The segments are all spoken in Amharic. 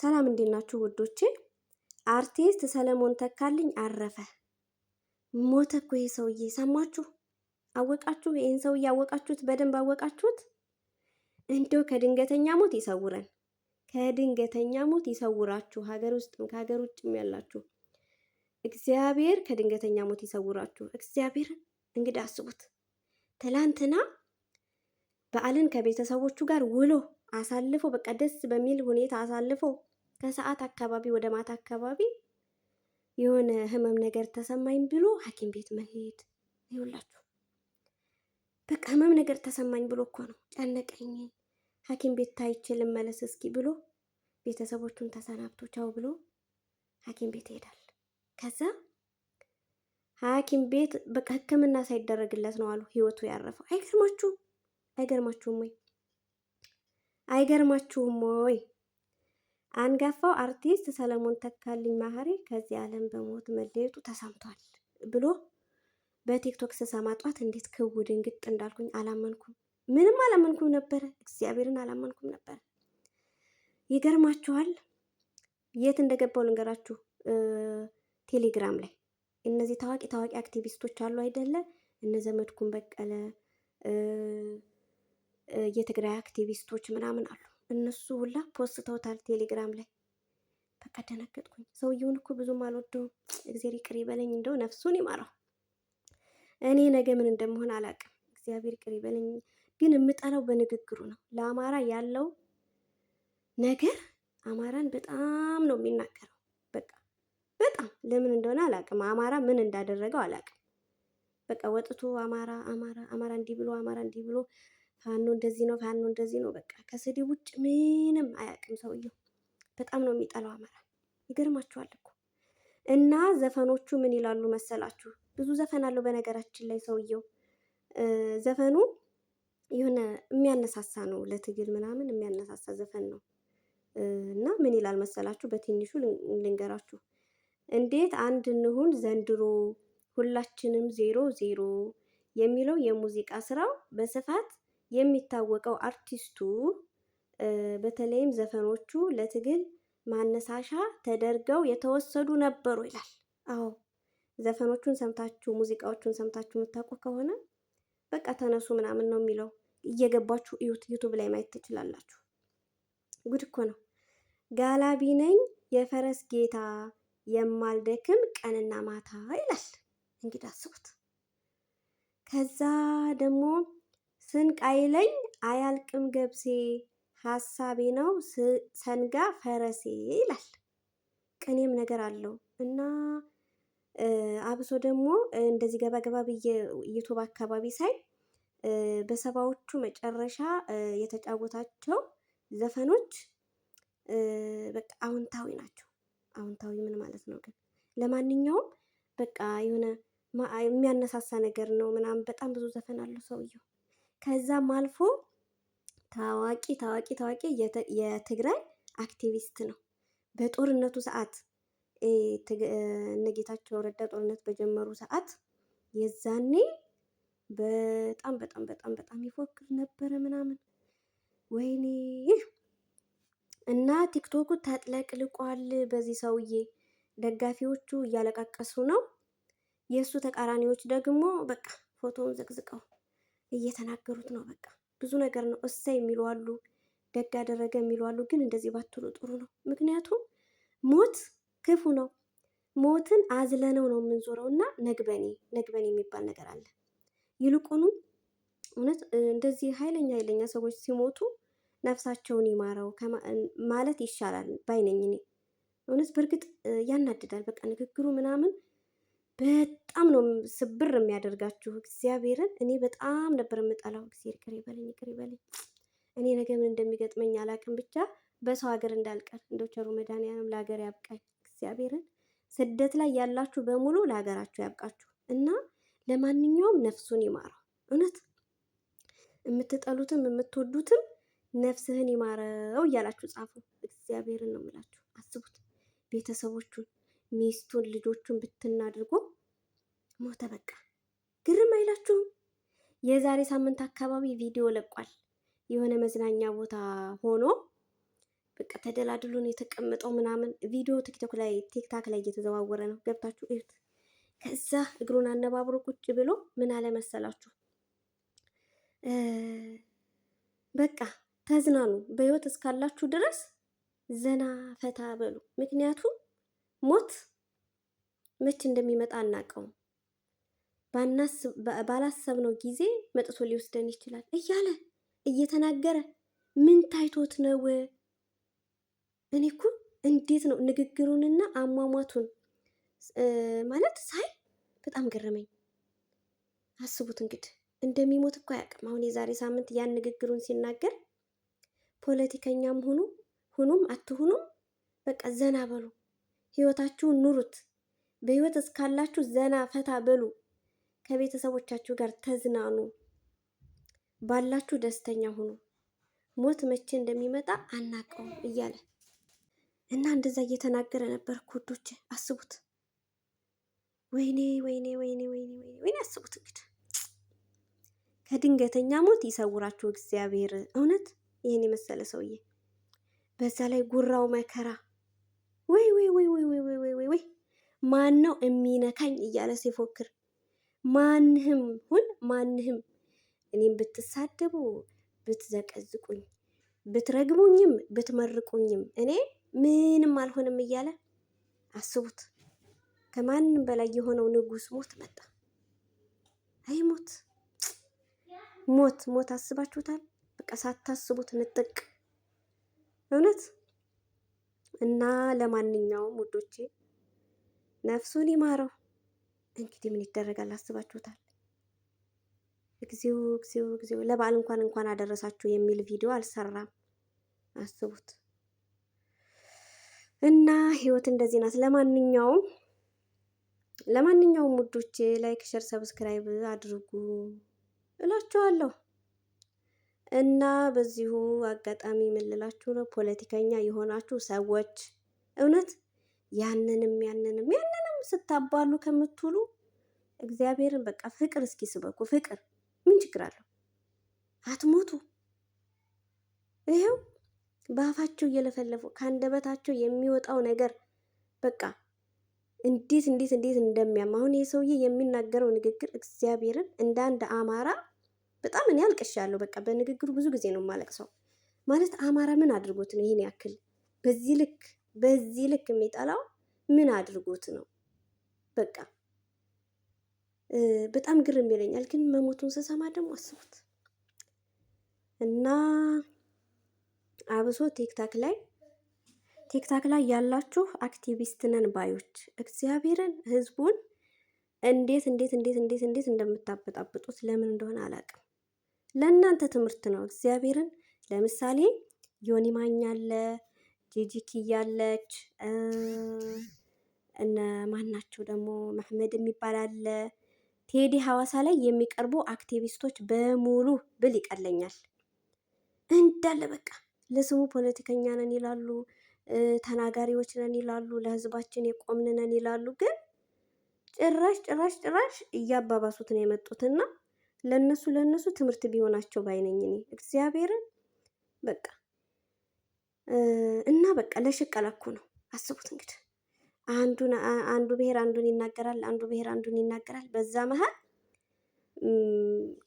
ሰላም እንዴት ናችሁ ውዶቼ? አርቲስት ሰለሞን ተካልኝ አረፈ። ሞተ እኮ ይሄ ሰውዬ ሰማችሁ? አወቃችሁ? ይህን ሰውዬ አወቃችሁት? በደንብ አወቃችሁት? እንደው ከድንገተኛ ሞት ይሰውረን፣ ከድንገተኛ ሞት ይሰውራችሁ። ሀገር ውስጥም ከሀገር ውጭም ያላችሁ እግዚአብሔር ከድንገተኛ ሞት ይሰውራችሁ። እግዚአብሔር እንግዲህ አስቡት፣ ትላንትና በዓልን ከቤተሰቦቹ ጋር ውሎ አሳልፎ በቃ ደስ በሚል ሁኔታ አሳልፎ ከሰዓት አካባቢ ወደ ማታ አካባቢ የሆነ ህመም ነገር ተሰማኝ ብሎ ሐኪም ቤት መሄድ ይውላችሁ። በቃ ህመም ነገር ተሰማኝ ብሎ እኮ ነው ጨነቀኝ፣ ሐኪም ቤት ታይቼ ልመለስ እስኪ ብሎ ቤተሰቦቹን ተሰናብቶ ቻው ብሎ ሐኪም ቤት ይሄዳል። ከዛ ሐኪም ቤት በቃ ህክምና ሳይደረግለት ነው አሉ ህይወቱ ያረፈው። አይገርማችሁም? አይገርማችሁም ወይ? አይገርማችሁም ወይ? አንጋፋው አርቲስት ሰለሞን ተካልኝ ማህሪ ከዚህ ዓለም በሞት መለየቱ ተሰምቷል ብሎ በቲክቶክ ስሰማ ጧት እንዴት ክው ድንግጥ እንዳልኩኝ አላመንኩም። ምንም አላመንኩም ነበረ፣ እግዚአብሔርን አላመንኩም ነበረ። ይገርማችኋል፣ የት እንደገባው ልንገራችሁ። ቴሌግራም ላይ እነዚህ ታዋቂ ታዋቂ አክቲቪስቶች አሉ አይደለ? እነ ዘመድኩን በቀለ የትግራይ አክቲቪስቶች ምናምን አሉ እነሱ ሁላ ፖስተውታል ቴሌግራም ላይ። በቃ ደነገጥኩኝ። ሰውየውን እኮ ብዙም አልወደውም። እግዚአብሔር ይቅር ይበለኝ፣ እንደው ነፍሱን ይማረው። እኔ ነገ ምን እንደምሆን አላውቅም። እግዚአብሔር ይቅር ይበለኝ። ግን የምጠላው በንግግሩ ነው። ለአማራ ያለው ነገር አማራን በጣም ነው የሚናገረው። በቃ በጣም ለምን እንደሆነ አላውቅም። አማራ ምን እንዳደረገው አላውቅም። በቃ ወጥቶ አማራ አማራ አማራ እንዲህ ብሎ አማራ እንዲህ ብሎ ፋኖ እንደዚህ ነው፣ ፋኖ እንደዚህ ነው። በቃ ከስድብ ውጭ ምንም አያውቅም ሰውየው። በጣም ነው የሚጠላው አማራ። ይገርማችኋል እኮ እና ዘፈኖቹ ምን ይላሉ መሰላችሁ? ብዙ ዘፈን አለው በነገራችን ላይ ሰውየው። ዘፈኑ የሆነ የሚያነሳሳ ነው፣ ለትግል ምናምን የሚያነሳሳ ዘፈን ነው እና ምን ይላል መሰላችሁ? በትንሹ ልንገራችሁ። እንዴት አንድ እንሁን ዘንድሮ ሁላችንም ዜሮ ዜሮ የሚለው የሙዚቃ ስራው በስፋት የሚታወቀው አርቲስቱ በተለይም ዘፈኖቹ ለትግል ማነሳሻ ተደርገው የተወሰዱ ነበሩ ይላል። አዎ ዘፈኖቹን ሰምታችሁ ሙዚቃዎቹን ሰምታችሁ የምታውቁ ከሆነ በቃ ተነሱ ምናምን ነው የሚለው። እየገባችሁ እዩት፣ ዩቱብ ላይ ማየት ትችላላችሁ። ጉድ እኮ ነው። ጋላቢ ነኝ የፈረስ ጌታ የማልደክም ቀንና ማታ ይላል። እንግዲህ አስቡት። ከዛ ደግሞ ስንቃይለኝ አያልቅም ገብሴ ሀሳቤ ነው ሰንጋ ፈረሴ ይላል። ቅኔም ነገር አለው እና አብሶ ደግሞ እንደዚህ ገባ ገባ ብዬ ዩቱብ አካባቢ ሳይ በሰባዎቹ መጨረሻ የተጫወታቸው ዘፈኖች በቃ አውንታዊ ናቸው። አውንታዊ ምን ማለት ነው ግን? ለማንኛውም በቃ የሆነ የሚያነሳሳ ነገር ነው ምናምን። በጣም ብዙ ዘፈን አለው ሰውየው። ከዛም አልፎ ታዋቂ ታዋቂ ታዋቂ የትግራይ አክቲቪስት ነው። በጦርነቱ ሰዓት እነ ጌታቸው ረዳ ጦርነት በጀመሩ ሰዓት የዛኔ በጣም በጣም በጣም በጣም ይፎክር ነበረ ምናምን ወይኔ እና ቲክቶኩ ተጥለቅልቋል። በዚህ ሰውዬ ደጋፊዎቹ እያለቃቀሱ ነው። የእሱ ተቃራኒዎች ደግሞ በቃ ፎቶውን ዘቅዝቀው እየተናገሩት ነው። በቃ ብዙ ነገር ነው እሳ የሚሉ አሉ፣ ደግ አደረገ የሚሉ አሉ። ግን እንደዚህ ባትሉ ጥሩ ነው። ምክንያቱም ሞት ክፉ ነው። ሞትን አዝለነው ነው የምንዞረው እና ነግበኔ ነግበኔ የሚባል ነገር አለ። ይልቁኑ እውነት እንደዚህ ኃይለኛ ኃይለኛ ሰዎች ሲሞቱ ነፍሳቸውን ይማረው ማለት ይሻላል ባይነኝ እኔ እውነት። በእርግጥ ያናድዳል። በቃ ንግግሩ ምናምን በጣም ነው ስብር የሚያደርጋችሁ። እግዚአብሔርን እኔ በጣም ነበር የምጠላው። እግዚአብሔር ይቅር ይበለኝ፣ ይቅር ይበለኝ። እኔ ነገ ምን እንደሚገጥመኝ አላውቅም። ብቻ በሰው ሀገር እንዳልቀር እንደው ቸሩ መድኃኒዓለም ለሀገር ያብቃኝ። እግዚአብሔርን ስደት ላይ ያላችሁ በሙሉ ለሀገራችሁ ያብቃችሁ እና ለማንኛውም ነፍሱን ይማረው። እውነት የምትጠሉትም የምትወዱትም ነፍስህን ይማረው እያላችሁ ጻፉ። እግዚአብሔርን ነው የምላችሁ። አስቡት ቤተሰቦቹን ሚስቱን ልጆቹን ብትናድርጎ ሞተ። በቃ ግርም አይላችሁም? የዛሬ ሳምንት አካባቢ ቪዲዮ ለቋል። የሆነ መዝናኛ ቦታ ሆኖ በቃ ተደላድሉን የተቀመጠው ምናምን ቪዲዮ ቲክቶክ ላይ ቲክታክ ላይ እየተዘዋወረ ነው፣ ገብታችሁ እዩት። ከዛ እግሩን አነባብሮ ቁጭ ብሎ ምን አለ መሰላችሁ? በቃ ተዝናኑ፣ በህይወት እስካላችሁ ድረስ ዘና ፈታ በሉ። ምክንያቱም ሞት መቼ እንደሚመጣ አናውቀውም። ባላሰብነው ጊዜ መጥቶ ሊወስደን ይችላል እያለ እየተናገረ ምን ታይቶት ነው? እኔ እኮ እንዴት ነው ንግግሩንና አሟሟቱን ማለት ሳይ በጣም ገረመኝ። አስቡት እንግዲህ እንደሚሞት እኮ አያውቅም። አሁን የዛሬ ሳምንት ያን ንግግሩን ሲናገር ፖለቲከኛም ሆኑ ሁኑም አትሁኑም በቃ ዘና በሉ ህይወታችሁን ኑሩት። በህይወት እስካላችሁ ዘና ፈታ በሉ። ከቤተሰቦቻችሁ ጋር ተዝናኑ። ባላችሁ ደስተኛ ሁኑ። ሞት መቼ እንደሚመጣ አናቀውም እያለ እና እንደዛ እየተናገረ ነበር። ኮዶች አስቡት። ወይኔ ወይኔ ወይኔ ወይኔ ወይኔ አስቡት እንግዲህ ከድንገተኛ ሞት ይሰውራችሁ እግዚአብሔር። እውነት ይህን የመሰለ ሰውዬ በዛ ላይ ጉራው መከራ ወይ ወይ ወይ ወይ ወይ ወይ ወይ ወይ ማን ነው የሚነካኝ እያለ ሲፎክር፣ ማንህም ሁን ማንህም እኔም ብትሳደቡ ብትዘቀዝቁኝ ብትረግሙኝም ብትመርቁኝም እኔ ምንም አልሆንም እያለ አስቡት። ከማንም በላይ የሆነው ንጉስ ሞት መጣ። አይ ሞት ሞት ሞት አስባችሁታል? በቃ ሳታስቡት ንጥቅ እውነት እና ለማንኛውም ውዶቼ ነፍሱን ይማረው። እንግዲህ ምን ይደረጋል አስባችሁታል። እግዚኦ እግዚኦ እግዚኦ! ለበዓል እንኳን እንኳን አደረሳችሁ የሚል ቪዲዮ አልሰራም። አስቡት እና ህይወት እንደዚህ ናት። ለማንኛውም ለማንኛውም ውዶቼ ላይክ፣ ሸር፣ ሰብስክራይብ አድርጉ እላችኋለሁ። እና በዚሁ አጋጣሚ የምልላችሁ ነው ፖለቲከኛ የሆናችሁ ሰዎች እውነት ያንንም ያንንም ያንንም ስታባሉ ከምትውሉ እግዚአብሔርን በቃ ፍቅር እስኪ ስበኩ። ፍቅር ምን ችግር አለው? አትሞቱ። ይኸው በአፋቸው እየለፈለፉ ከአንደበታቸው የሚወጣው ነገር በቃ እንዴት እንዴት እንዴት እንደሚያም አሁን ይህ ሰውዬ የሚናገረው ንግግር እግዚአብሔርን እንደ አንድ አማራ በጣም እኔ አልቅሻለሁ። በቃ በንግግሩ ብዙ ጊዜ ነው የማለቅሰው። ማለት አማራ ምን አድርጎት ነው ይህን ያክል በዚህ ልክ በዚህ ልክ የሚጠላው ምን አድርጎት ነው? በቃ በጣም ግርም ይለኛል። ግን መሞቱን ስሰማ ደግሞ አስቡት እና አብሶ ቲክታክ ላይ ቲክታክ ላይ ያላችሁ አክቲቪስት ነን ባዮች እግዚአብሔርን ህዝቡን እንዴት እንዴት እንዴት እንዴት እንዴት እንደምታበጣብጡት ለምን እንደሆነ አላውቅም። ለእናንተ ትምህርት ነው። እግዚአብሔርን ለምሳሌ ዮኒ ማኛ አለ፣ ጂጂ ኪያ እነ ማናቸው ደግሞ መሐመድ የሚባል አለ። ቴዲ ሐዋሳ ላይ የሚቀርቡ አክቲቪስቶች በሙሉ ብል ይቀለኛል እንዳለ በቃ ለስሙ ፖለቲከኛ ነን ይላሉ፣ ተናጋሪዎች ነን ይላሉ፣ ለህዝባችን የቆምን ነን ይላሉ። ግን ጭራሽ ጭራሽ ጭራሽ እያባባሱት ነው የመጡትና ለነሱ ለነሱ ትምህርት ቢሆናቸው ባይነኝ እኔ እግዚአብሔርን በቃ እና በቃ ለሽቀላ እኮ ነው። አስቡት እንግዲህ አንዱን አንዱ ብሔር አንዱን ይናገራል፣ አንዱ ብሔር አንዱን ይናገራል። በዛ መሀል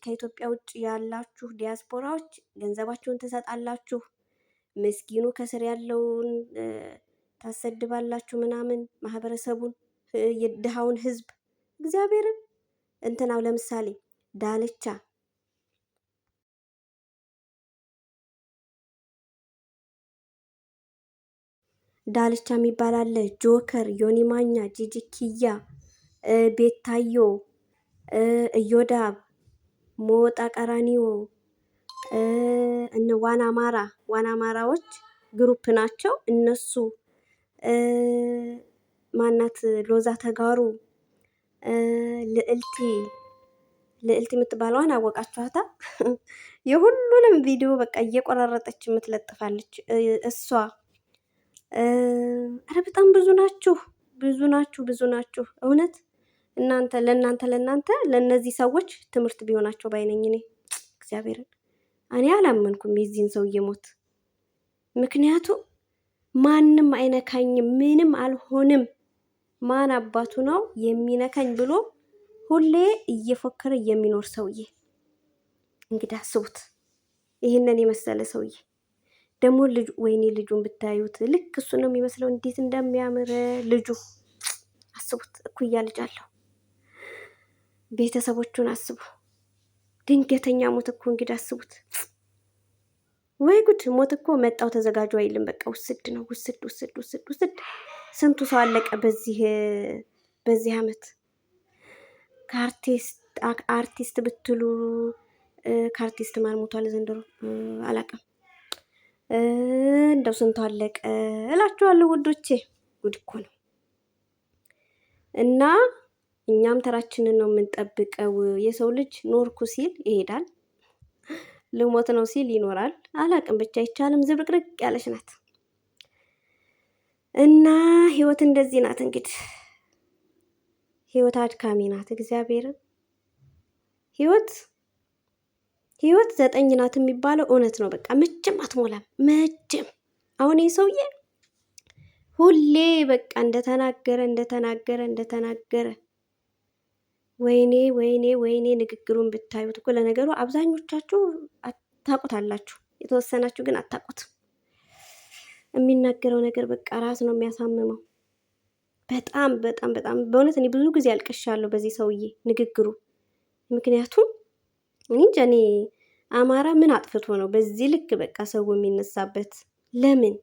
ከኢትዮጵያ ውጭ ያላችሁ ዲያስፖራዎች ገንዘባችሁን ትሰጣላችሁ፣ ምስኪኑ ከስር ያለውን ታሰድባላችሁ፣ ምናምን ማህበረሰቡን የድሃውን ህዝብ እግዚአብሔርን እንትናው ለምሳሌ ዳልቻ ዳልቻ የሚባል አለ። ጆከር፣ ዮኒማኛ፣ ማኛ፣ ቤታዮ፣ እዮዳብ፣ ሞጣ ቀራኒዮ እነ ዋና አማራ ዋና አማራዎች ግሩፕ ናቸው እነሱ። ማናት ሎዛ ተጋሩ ልዕልቲ ልዕልት የምትባለዋን አወቃችኋታ? የሁሉንም ቪዲዮ በቃ እየቆራረጠች የምትለጥፋለች እሷ። ኧረ በጣም ብዙ ናችሁ፣ ብዙ ናችሁ፣ ብዙ ናችሁ እውነት። እናንተ ለእናንተ ለእናንተ ለእነዚህ ሰዎች ትምህርት ቢሆናቸው ባይነኝ እኔ እግዚአብሔርን እኔ አላመንኩም የዚህን ሰውዬ ሞት። ምክንያቱ ማንም አይነካኝም፣ ምንም አልሆንም፣ ማን አባቱ ነው የሚነካኝ ብሎ ሁሌ እየፎከረ የሚኖር ሰውዬ እንግዲህ አስቡት። ይህንን የመሰለ ሰውዬ ደግሞ ልጁ ወይኔ ልጁን ብታዩት ልክ እሱ ነው የሚመስለው። እንዴት እንደሚያምር ልጁ አስቡት። እኩያ ልጅ አለው። ቤተሰቦቹን አስቡ። ድንገተኛ ሞት እኮ እንግዲህ አስቡት። ወይ ጉድ! ሞት እኮ መጣው ተዘጋጁ አይልም። በቃ ውስድ ነው ውስድ ውስድ ውስድ ውስድ። ስንቱ ሰው አለቀ በዚህ በዚህ አመት። ከአርቲስት ብትሉ ከአርቲስት ማን ሞቷል ዘንድሮ አላውቅም። እንደው ስንቱ አለቀ እላችኋለሁ ውዶቼ፣ ጉድ እኮ ነው። እና እኛም ተራችንን ነው የምንጠብቀው። የሰው ልጅ ኖርኩ ሲል ይሄዳል፣ ልሞት ነው ሲል ይኖራል። አላውቅም ብቻ አይቻልም። ዝብርቅርቅ ያለች ናት እና ህይወት እንደዚህ ናት እንግዲህ ህይወት አድካሚ ናት። እግዚአብሔርን ህይወት ህይወት ዘጠኝ ናት የሚባለው እውነት ነው። በቃ መቼም አትሞላም። መቼም አሁን ይህ ሰውዬ ሁሌ በቃ እንደተናገረ እንደተናገረ እንደተናገረ ወይኔ ወይኔ ወይኔ ንግግሩን ብታዩት እኮ ለነገሩ አብዛኞቻችሁ አላችሁ የተወሰናችሁ ግን አታቁት የሚናገረው ነገር በቃ ራስ ነው የሚያሳምመው። በጣም በጣም በጣም በእውነት እኔ ብዙ ጊዜ አልቅሻለሁ በዚህ ሰውዬ ንግግሩ። ምክንያቱም እንጃ እኔ አማራ ምን አጥፍቶ ነው በዚህ ልክ በቃ ሰው የሚነሳበት? ለምን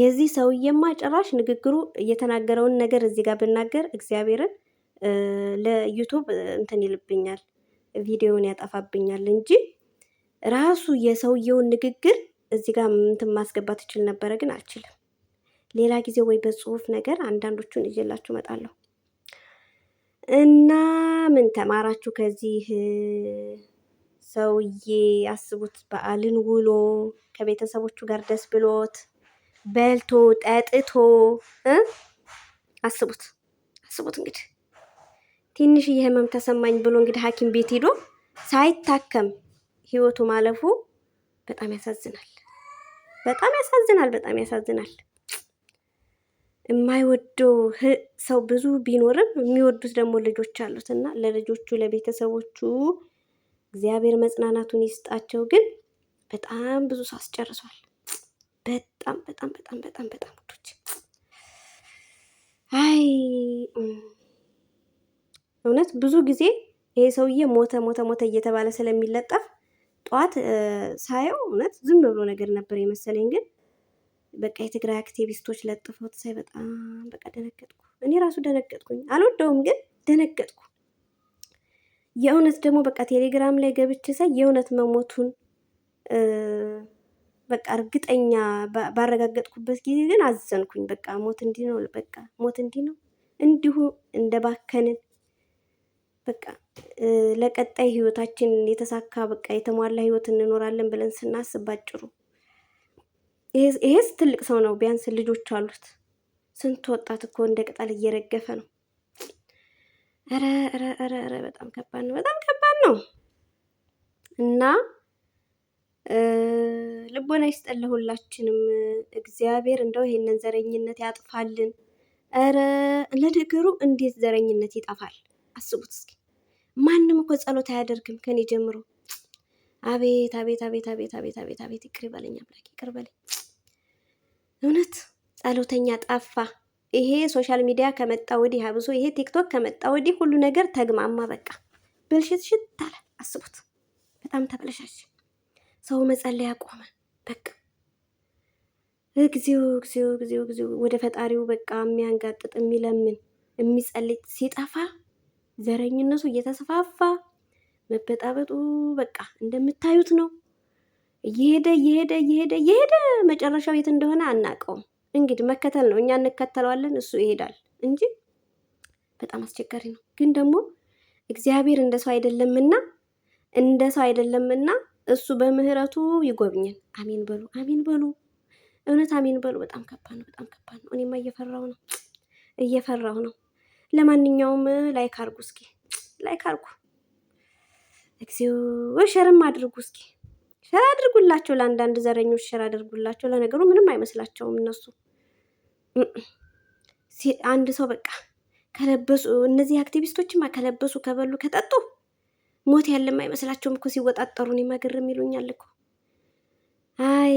የዚህ ሰውዬማ ጭራሽ ንግግሩ የተናገረውን ነገር እዚህ ጋር ብናገር እግዚአብሔርን ለዩቱብ እንትን ይልብኛል፣ ቪዲዮውን ያጠፋብኛል እንጂ ራሱ የሰውየውን ንግግር እዚህ ጋር እንትን ማስገባት ይችል ነበረ፣ ግን አልችልም። ሌላ ጊዜ ወይ በጽሁፍ ነገር አንዳንዶቹን እየላችሁ እመጣለሁ። እና ምን ተማራችሁ ከዚህ ሰውዬ? አስቡት በዓልን ውሎ ከቤተሰቦቹ ጋር ደስ ብሎት በልቶ ጠጥቶ አስቡት አስቡት እንግዲህ ትንሽ ህመም ተሰማኝ ብሎ እንግዲህ ሐኪም ቤት ሄዶ ሳይታከም ህይወቱ ማለፉ በጣም ያሳዝናል። በጣም ያሳዝናል። በጣም ያሳዝናል። የማይወደው ሰው ብዙ ቢኖርም የሚወዱት ደግሞ ልጆች አሉት እና ለልጆቹ ለቤተሰቦቹ እግዚአብሔር መጽናናቱን ይስጣቸው። ግን በጣም ብዙ ሰው አስጨርሷል። በጣም በጣም በጣም በጣም በጣም ውዶች፣ አይ እውነት ብዙ ጊዜ ይሄ ሰውዬ ሞተ ሞተ ሞተ እየተባለ ስለሚለጠፍ ጠዋት ሳየው እውነት ዝም ብሎ ነገር ነበር የመሰለኝ ግን በቃ የትግራይ አክቲቪስቶች ለጥፈውት ሳይ በጣም በቃ ደነገጥኩ። እኔ ራሱ ደነገጥኩኝ። አልወደውም ግን ደነገጥኩ። የእውነት ደግሞ በቃ ቴሌግራም ላይ ገብቼ ሳይ የእውነት መሞቱን በቃ እርግጠኛ ባረጋገጥኩበት ጊዜ ግን አዘንኩኝ። በቃ ሞት እንዲህ ነው፣ በቃ ሞት እንዲህ ነው። እንዲሁ እንደ ባከንን በቃ ለቀጣይ ህይወታችን የተሳካ በቃ የተሟላ ህይወት እንኖራለን ብለን ስናስብ ባጭሩ ይሄስ ትልቅ ሰው ነው፣ ቢያንስ ልጆች አሉት። ስንት ወጣት እኮ እንደ ቅጠል እየረገፈ ነው። ኧረ ኧረ ኧረ ኧረ በጣም ከባድ ነው፣ በጣም ከባድ ነው። እና ልቦና ይስጠን ለሁላችንም። እግዚአብሔር እንደው ይሄንን ዘረኝነት ያጥፋልን። ኧረ ለነገሩ እንዴት ዘረኝነት ይጠፋል? አስቡት እስኪ። ማንም እኮ ጸሎት አያደርግም ከኔ ጀምሮ አቤት አቤት አቤት አቤት አቤት አቤት አቤት ይቅር በለኝ አምላክ ይቅር በለኝ። እውነት ጸሎተኛ ጠፋ። ይሄ ሶሻል ሚዲያ ከመጣ ወዲህ አብሶ ይሄ ቲክቶክ ከመጣ ወዲህ ሁሉ ነገር ተግማማ። በቃ ብልሽትሽት አለ። አስቡት፣ በጣም ተበለሻች። ሰው መጸለይ አቆመ። በቃ እግዚኦ እግዚኦ እግዚኦ እግዚኦ ወደ ፈጣሪው በቃ የሚያንጋጥጥ የሚለምን የሚጸልይ ሲጠፋ ዘረኝነቱ እየተስፋፋ መበጣበጡ በቃ እንደምታዩት ነው። እየሄደ እየሄደ እየሄደ እየሄደ መጨረሻው የት እንደሆነ አናውቀውም። እንግዲህ መከተል ነው። እኛ እንከተለዋለን፣ እሱ ይሄዳል እንጂ በጣም አስቸጋሪ ነው። ግን ደግሞ እግዚአብሔር እንደ ሰው አይደለምና እንደ ሰው አይደለምና እሱ በምህረቱ ይጎብኝን። አሜን በሉ፣ አሜን በሉ፣ እውነት አሜን በሉ። በጣም ከባድ ነው፣ በጣም ከባድ ነው። እኔማ እየፈራው ነው፣ እየፈራው ነው። ለማንኛውም ላይክ አርጉ፣ እስኪ ላይክ አርጉ። እግዚኦ ሸርም አድርጉ እስኪ ሸር አድርጉላቸው። ለአንዳንድ ዘረኞች ሸር አድርጉላቸው። ለነገሩ ምንም አይመስላቸውም እነሱ። አንድ ሰው በቃ ከለበሱ እነዚህ አክቲቪስቶችማ ከለበሱ ከበሉ ከጠጡ ሞት ያለም አይመስላቸውም እኮ ሲወጣጠሩ። እኔማ ግርም ይሉኛል እኮ። አይ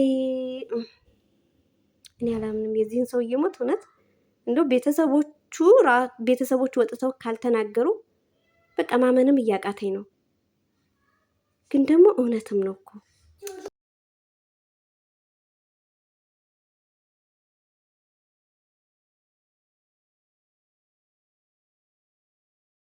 እኔ አላምንም የዚህን ሰው ሞት እውነት። እንደው ቤተሰቦቹ ቤተሰቦቹ ወጥተው ካልተናገሩ በቃ ማመንም እያቃተኝ ነው። ግን ደግሞ እውነትም ነው እኮ